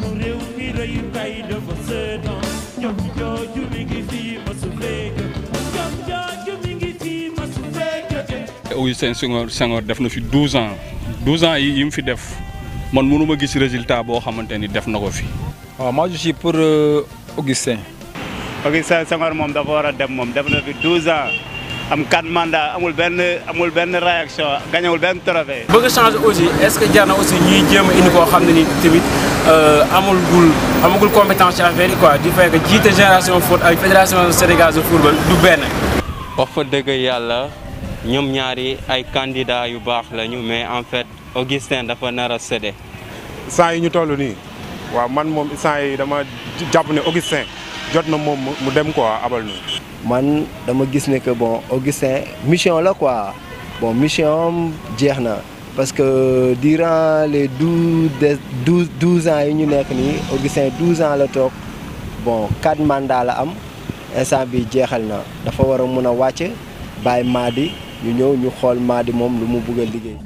sunu réew mi rëyu kay dafa seetaan jom jooju mi ngi fii masu fekk jom jooju mi ngi fii masu fekk Augustin Senghor Senghor def na fi 12 ans 12 ans yi yim fi def man mënu ma gis résultat bo xamanteni def nako fi waaw moi je suis pour euh, Augustin Augustin Senghor mom dafa wara dem mom def na fi 12 ans am 4 mandats, amul ben amul ben réaction gañewul ben trophée. bëgg changer aussi est-ce que jarna aussi ñi jëm indi ko xamni ne tamit. Euh, amagul amagul compétence ci affaire yi quoi di fekk génération foot avec fédération sénégalaise de football du ben wax fa dëgg yàlla ñoom ñaari ay candidats yu bax lañu mais en fait Augustin dafa nar a séddee. saa yi ñu tollu ni wa man mom saa yi dama japp né Augustin jotna mom mu dem quoi abal ñu. man dama gis né que bon Augustin mission la quoi bon mission am parce que durant les douze douze douze ans yi ñu nekk nii Augustin douze ans la toog bon quatre mandats la am instant bi jeexal na dafa war a mun a wàcc bàyyi Madi ñu ñëw ñu xool Madi moom lu mu bëgg a liggéey.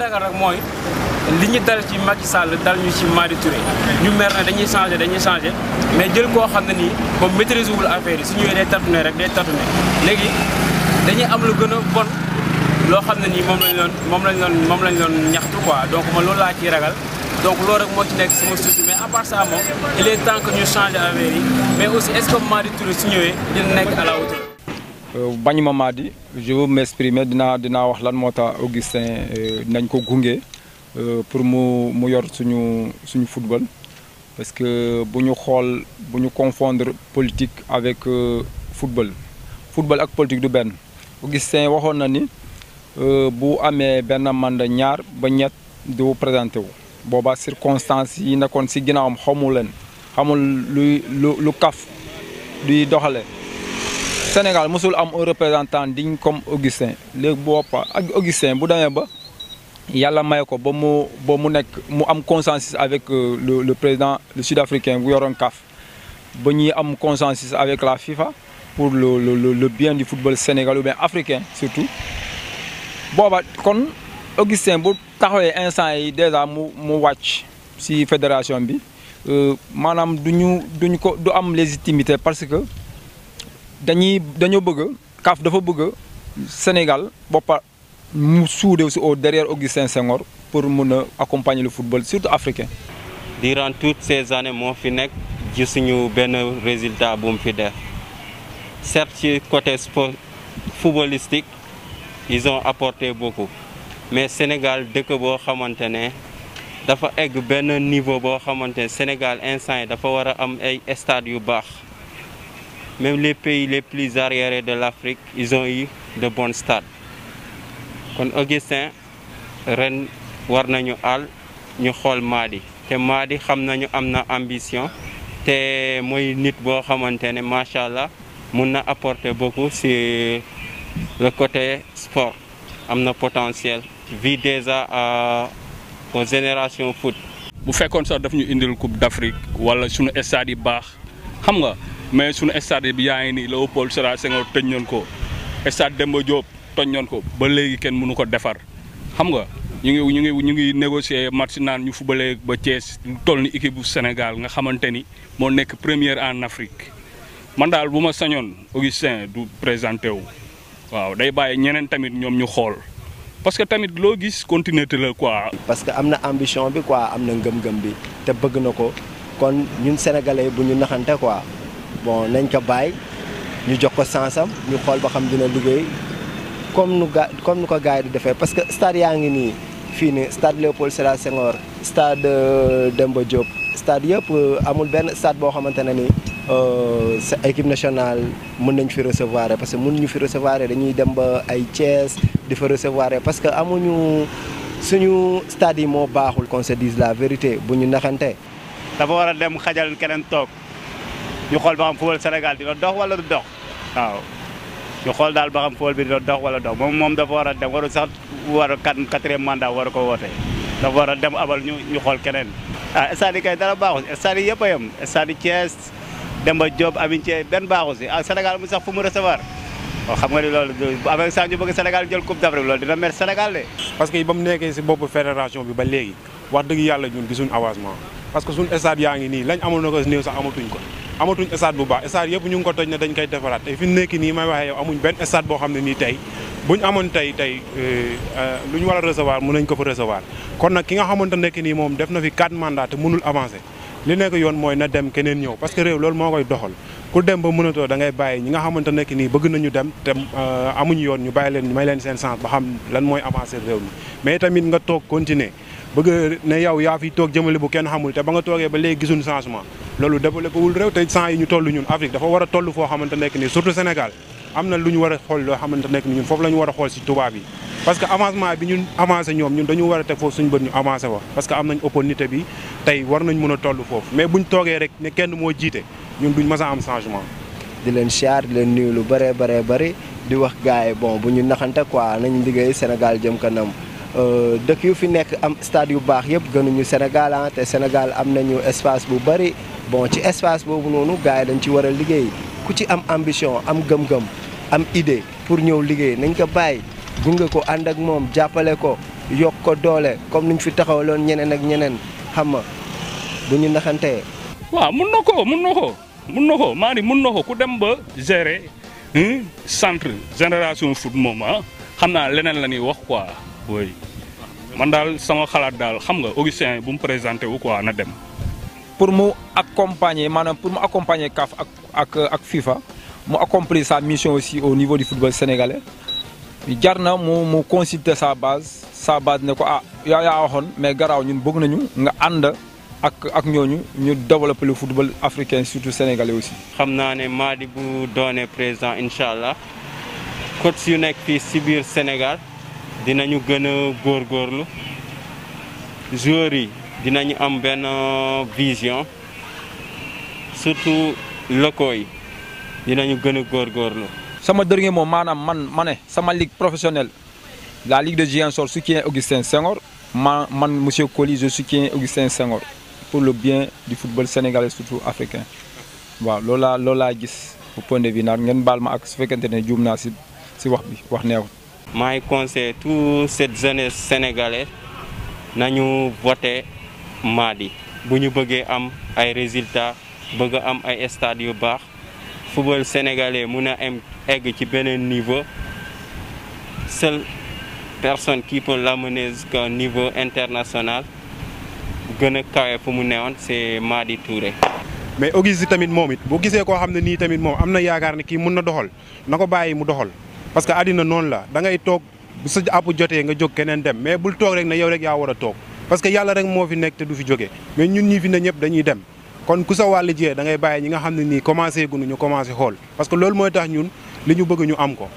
ragal rek moy li ñu dal ci Macky Sall dal ñu ci Madi Touré ñu mer na dañuy changer dañuy changer mais jël ko xamné ni nii maîtriser maîtrise wul affaire yi su ñëwee day tâtonné rek day tâtonné légui dañuy am lu gëna bon lo xamné ni mom lañ doon mom lañ doon mom lañ doon ñaxtu quoi donc man loolu la ci ragal donc loolu rek moo ci nekk sama souci mais à part ça moom il est temps que ñu changer affaire yi mais aussi est-ce que Madi Touré su ñëwee dina nekk à la hauteur euh, bañ ma je veux m'exprimer dina dina wax lan mota Augustin euh, nañ ko gunge euh, pour mu mu yor suñu suñu football parce que buñu xol buñu confondre politique avec football football ak politique du ben Augustin waxoon na ni bu amé ben mandat ñaar ba di du présenter wu boba circonstances yi nekkoon ci ginaawum xamul xamul luy lu lu kaf duy doxale Sénégal a am un représentant digne comme Augustin Le Augustin bu demee un yàlla may ko ba consensus avec euh, le le président le sud-africain bu Kaf. Il ba a un consensus avec la FIFA pour le le le bien du football sénégalais bien africain surtout booba kon Augustin un taxawee instant yi déjà mu mu wàcc ci fédération bi euh, maanaam suis ñu duñ ko du am légitimité parce que dañuy dañoo bëgg CAF dafa bëgg Sénégal boppa mu suudew si au derrière Augustin Senghor pour mëna accompagner le football surtout africain. durant toutes ces années mo fi nekk gisuñu ben résultat bu mu fi def certes ci côté sport footballistique ils ont apporté beaucoup mais Sénégal dëkk bo xamante dafa egg ben niveau bo xamante Sénégal instant dafa wara a am ay stade yu bax même les pays les plus arriérés de l'Afrique, ils ont eu de bons stades. Quand Augustin ren war Al, àll ñu xool Et te Mady xam nañu ambition te mooy nit boo xamante ne macha allah apporter beaucoup sur le côté sport amna potentiel vie déjà aux générations foot. bu comme ça daf ñu indil coupe d'Afrique wala suñu stade yi baax xam nga. mais suñu stade bi yaa ngi nii Léopold Sédar Senghor tëj ñoon ko stade Demba Diop toj ñoon ko ba léegi kenn mënu ko defar xam nga ñu ngi ñu ngi ñu ngi négocier match naan ñu fubalee ba Thiès toll ni équipe bu Sénégal nga xamante ni moo nekk première en Afrique man daal bu ma sañoon Augustin du présenté wu waaw day bàyyi ñeneen tamit ñoom ñu xool parce que tamit loo gis continuité la quoi. parce que am na ambition bi quoi am na ngëm-ngëm bi te bëgg na ko kon ñun sénégalais bu ñu naxante quoi. bon nañ ko bàyyi ñu jox ko sansam ñu xool ba xam dina liggéey comme nu ga comme nu ko gars di defee parce que stade yaa ngi nii fii nii stade Léopold Sédar Senghor stade euh, Demba Diop stade yëpp euh, amul benn stade boo xamante ne ni euh, sa équipe nationale mën nañ fi recevoir parce que mën ñu fi recevoir dañuy dem ba ay Thiès di fa recevoir parce que amuñu suñu stade yi moo baaxul qu'on se dise la vérité bu ñu naxante dafa war a dem xajal keneen toog ñu xool ba xam football Sénégal dina dox wala du dox waaw ñu xool daal ba xam football bi dina dox wala dox moom moom dafa war a dem waru sax war a quatrième mandat war a ko wootee dafa war a dem abal ñu ñu xool keneen ah stade yi kay dara baaxu si stade yi yëpp a yem a Thiès Demba Diop Amine Thiès benn baaxu si ah Sénégal mu sax fu mu recevoir xam nga ni loolu avec Sadio bëgg Sénégal jël coupe d'Afrique loolu dina mer Sénégal de. parce que ba mu si bopp fédération bi ba léegi wax dëgg yàlla ñun gisuñ avancement parce que suñ stade yaa ngi nii lañ amoon sax amatuñ ko amatuñ stade bu baax stade yëpp ñu ngi ko toj ne dañ koy defaraat tey fi mu nekk nii may waxee yow amuñ benn stade boo xam ne nii tey bu ñu tey tey euh, euh, lu ñu war a recevoir mën nañ ko fa recevoir kon nag ki nga xamante nekk nii moom def na fi quatre mandats te mënul nekk yoon mooy na dem keneen ñëw parce que réew loolu moo koy doxal ku dem ba mënatoo da ngay bàyyi ñi nga xamante nekk nii bëgg nañu dem te euh, amuñ yoon ñu bàyyi leen may leen seen chance ba xam lan mooy avancer réew mi tamit nga toog continuer bëgg ne yow yaa fi toog jëmale bu kenn xamul te ba nga toogee ba léegi gisuñ changement lolou loolu ko wul rew tay sans yi ñu tollu ñun Afrique dafa wara tollu fo foo xamante ni surtout Sénégal amna luñu wara xol lo a xool ni ñun fofu lañu wara xol ci touba bi parce que avancement bi ñun avancer ñom ñun dañu wara tek fo suñu bët ñu avancé fa parce que amnañ opportunité bi tay war nañ mëna tollu fofu mais buñ toogee rek ne kenn mo jité ñun duñ mës am changement di leen siyaar di leen nuyu lu bare bare bare di wax gars bon buñu ñu naxante quoi nañ liggéey Sénégal jëm kanam euh, dëkk yu fi nekk am stade yu baax yëpp gënuñu Sénégal ah te Sénégal am nañu espace bu bari bon ci espace boobu noonu gars yi dañ ci war a liggéey ku ci am ambition am gëm-gëm am idée pour ñëw liggéey nañ ko bàyyi gunge ko ànd ak moom jàppale ko yokk ko doole comme niñ fi taxawaloon ñeneen ak ñeneen xam nga bu ñu naxantee. waaw mun na ko mun na ko mun na ko maa ni mun na ko ku dem ba gérer hmm, centre génération foot moom ah xam naa leneen la ñuy wax quoi oui man daal sama xalaat daal xam nga Augustin bu mu présenté wu quoi na dem. pour m'accompagner, accompagner pour mu accompagner CAF ak ak FIFA mu sa mission aussi au niveau du football sénégalais jar na mu consulter sa base sa base ne ko ah ya ya waxone mais garaaw ñun bëgg nañu nga and ak ak ñooñu ñu développer le football africain surtout sénégalais aussi. xamna né Madi bu doonee présent inshallah coach yu nekk fii si Sénégal dinañu gën a góorgóorlu joueurs yi dinañu am benn vision surtout locaux yi dinañu gën a góorgóorlu. sama dernier mot maanaam man ma ne sama ligue professionnelle la ligue de Ziguinchor soutient Augustin Senghor ma man monsieur Coly je soutiens Augustin Senghor pour le bien du football sénégalais surtout africain waaw loolu laa loolu laa gis bu point de vue naar ngeen baal ma ak su fekkente ne juum naa si si wax bi wax neexut. maay conseil toute cette jeunesse sénégalaise nañu voter Mali bu ñu bëggee am ay résultats bëgg am ay stades yu baax football sénégalais mun a egg ci beneen niveau seule personne qui peut l'amener jusqu'à niveau international gën a kawe fu mu newoon c'est Madi Touré. mais ogis tamit moom it boo gisee koo xam ne nii tamit moom am na yaakaar ne kii mun na doxal na ko bàyyi mu doxal parce que àddina noonu la da ngay toog bu sa àpp jotee nga jóg keneen dem mais bul toog rek na yow rek yaa war a toog. parce que yalla rek mo fi nek te du fi jóge mais ñun ñi fi ne ñëpp dañuy dem kon ku sa wàll jiyee da ngay bàyyi ñi nga xam ni commencé guñu ñu commencé xool parce que lool moy tax ñun li ñu bëgg ñu am ko